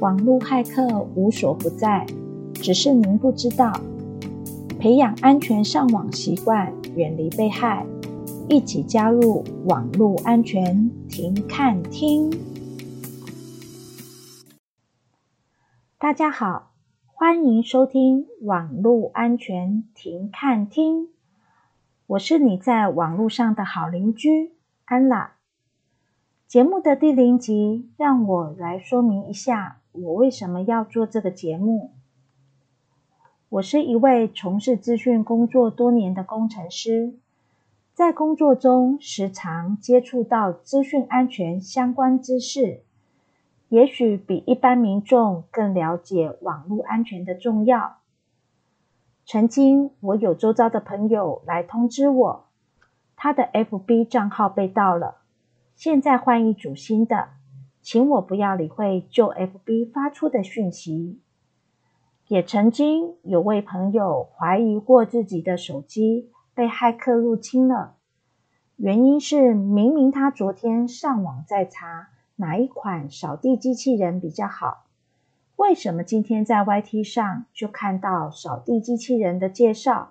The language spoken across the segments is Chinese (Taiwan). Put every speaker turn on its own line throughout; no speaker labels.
網路駭客無所不在，只是您不知道。培養安全上網習慣，遠離被害，一起加入網路安全停。看。聽。大家好，歡迎收聽網路安全停。看。聽。我是你在網路上的好鄰居，安娜。Anna。節目的第零集，讓我來說明一下我為什麼要做這個節目。我是一位從事資訊工作多年的工程師，在工作中時常接觸到資訊安全相關知識，也許比一般民眾更了解網絡安全的重要。曾經，我有周遭的朋友來通知我，他的 FB 帳號被盜了。現在換一組新的，請我不要理會舊 FB 發出的訊息。也曾經有位朋友懷疑過自己的手機被駭客入侵了，原因是明明他昨天上網在查哪一款掃地機器人比較好，為什麼今天在 YT 上就看到掃地機器人的介紹？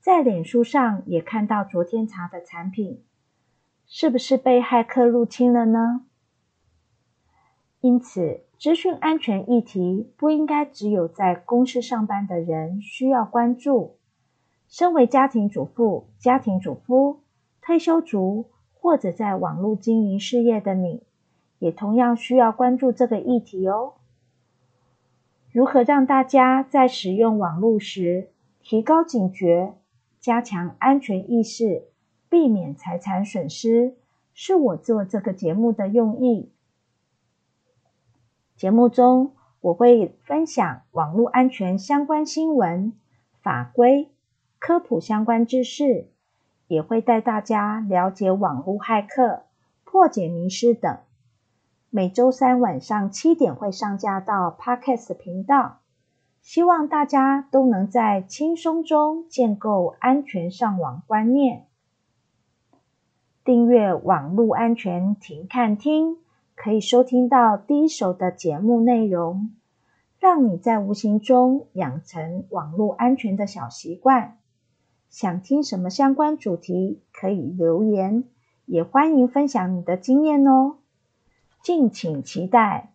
在臉書上也看到昨天查的產品。是不是被駭客入侵了呢？因此，資訊安全議題不應該只有在公司上班的人需要關注。身為家庭主婦、家庭主夫、退休族，或者在網絡經營事業的你，也同樣需要關注這個議題哦。如何讓大家在使用網絡時提高警覺，加強安全意識？避免財產損失是我做這個節目的用意。節目中我會分享網絡安全相關新聞、法規、科普相關知識，也會帶大家了解網絡駭客、破解迷思等。每周三晚上七點會上架到 Podcast 頻道，希望大家都能在輕鬆中建構安全上網觀念。訂閱網絡安全停。看。聽可以收聽到第一手的節目內容，讓你在無形中養成網絡安全的小習慣。想聽什麼相關主題，可以留言，也歡迎分享你的經驗哦。敬請期待。